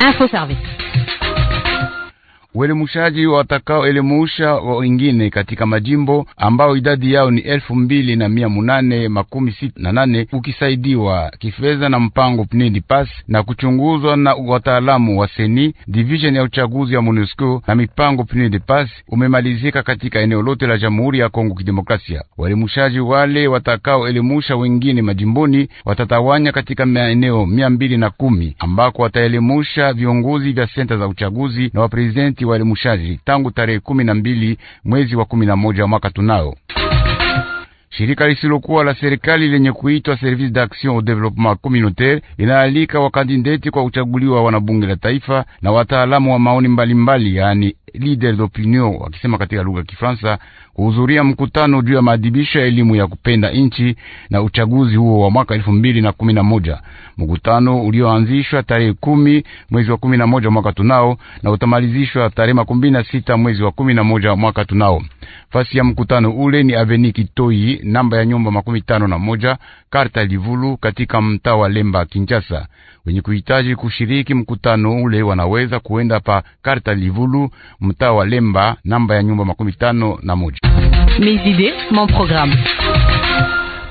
Info Service. Uelimushaji watakaoelimusha wengine katika majimbo ambao idadi yao ni elfu mbili na mia munane makumi sita na nane ukisaidiwa kifedha na mpango PNID PAS na kuchunguzwa na wataalamu wa seni division ya uchaguzi ya MONUSCO na mipango PNID PAS umemalizika katika eneo lote la Jamhuri ya Kongo Kidemokrasia. Waelimushaji wale watakaoelimusha wengine majimboni watatawanya katika maeneo mia mbili na kumi ambako wataelimusha viongozi vya senta za uchaguzi na waprezidenti msikiti wa El tangu tarehe kumi na mbili mwezi wa kumi na moja mwaka tunao Shirika lisilokuwa la serikali lenye kuitwa Service d'Action au Development Communautaire inaalika wakandideti kwa wa wanabunge la taifa na wataalamu wa maoni mbalimbali, yaani leader d'opinion wakisema katika lugha ya Kifaransa, kuhudhuria mkutano juu ya maadhibisho ya elimu ya kupenda nchi na uchaguzi huo wa mwaka elfu mbili na kumi na moja, mkutano ulioanzishwa tarehe kumi mwezi wa kumi na moja mwaka tunao na utamalizishwa tarehe makumi na sita mwezi wa kumi na moja mwaka tunao. Fasi ya mkutano ule ni Aveni Kitoi namba ya nyumba makumi tano na moja karta Livulu katika mtaa wa Lemba Kinshasa. Wenye kuhitaji kushiriki mkutano ule wanaweza kuenda pa karta Livulu mtaa wa Lemba namba ya nyumba makumi tano na moja. Mes idées, mon programme.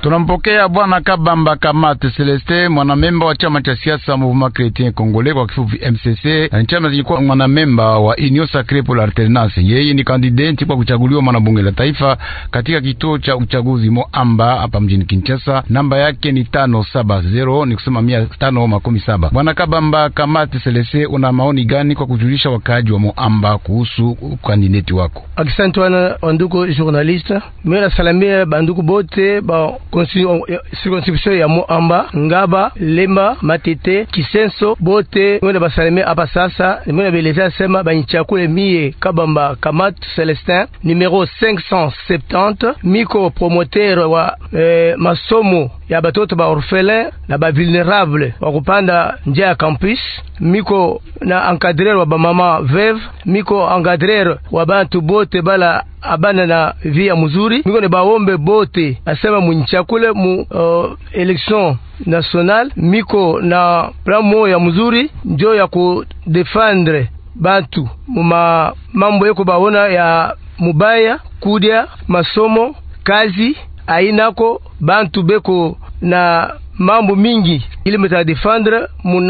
Tunampokea bwana Kabamba Kamate Celeste, mwanamemba wa chama cha siasa Mouvement Chretien Congolais kwa kifupi MCC, na chama chenye kuwa mwanamemba wa Union Sacree pour l'Alternance. Yeye ni kandidenti kwa kuchaguliwa mwanabunge la taifa katika kituo cha uchaguzi Moamba hapa mjini Kinshasa. Namba yake ni tano saba zero, ni kusema mia tano makumi saba. Bwana Kabamba Kamate Celeste, una maoni gani kwa kujulisha wakaaji wa Moamba kuhusu kandidenti wako? Asante wana wanduku journaliste, mimi nasalamia banduku bote ba circonscription ya Muamba, ngaba lemba matete kisenso bote limwe Abasasa, basaleme apa sasa beleza Mie, kabamba kamat celestin numéro 570 miko promoteur wa eh, masomo ya batoto ba orfele na ba vulnerable wa kupanda njia ya campus. Miko na encadrer wa bamama veve, miko encadrer wa bantu bote bala abana na vi ya muzuri, miko ni baombe bote asema munchakule mu uh, election national, miko na plan ya muzuri njo ya kudefendre bantu muma mambo yeko baona ya mubaya, kudya masomo, kazi ainako bantu beko na mambo mingi ili mutadefendre mu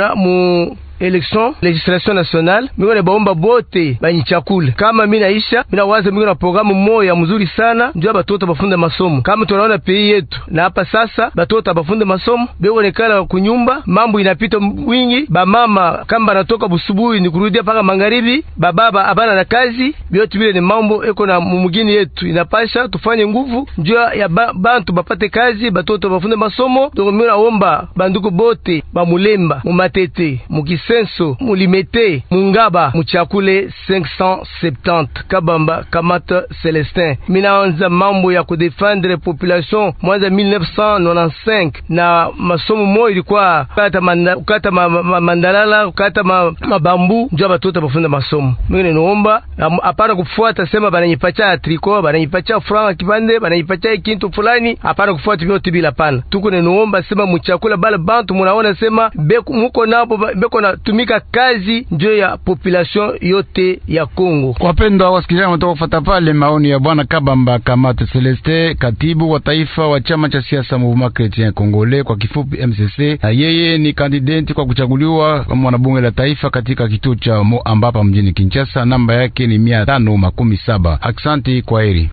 election legislation nationale miko nabaomba bote banyichakule. Kama minaisha minawaza miko na programu moya mzuri sana, ndio batoto bafunde masomo kama tunaona pei yetu na hapa sasa, batoto bafunde masomo bewonekana kunyumba, mambo inapita wingi. Bamama kama banatoka busubuhi ni kurudia paka magharibi, bababa abana na kazi, byote bile ni mambo eko na mumugini yetu. Inapasha tufanye nguvu ndio ya ba, bantu bapate kazi, batoto bafunde masomo. Ndio miko naomba banduku bote bamulemba mumatete mukisa senso mulimete mungaba muchakule 570 kabamba kamata celestin minaanza mambo ya kudefendre population mwanza 1995 na masomo moyo ilikuwa kata manda, kukata ma, ma, mandalala kukata ma, mabambu njo batoto bafunda masomo mingine niomba apana kufuata sema bananyipacha triko bananyipacha franga kipande bananyipacha kintu fulani apana kufuata vyote bila pana tuko niomba sema muchakula bala bantu munaona sema beku muko nabo beko na inatumika kazi ndio ya population yote ya Kongo. Wapendwa wasikilizaji, mtoka kufuata pale maoni ya bwana Kabamba Kamate Celeste, katibu wa taifa wa chama cha siasa Mouvement Chrétien Congolais kwa kifupi MCC, na yeye ni kandidenti kwa kuchaguliwa kama mwanabunge la taifa katika kituo cha Moamba hapa mjini Kinshasa. Namba yake ni mia tano makumi saba. Aksanti,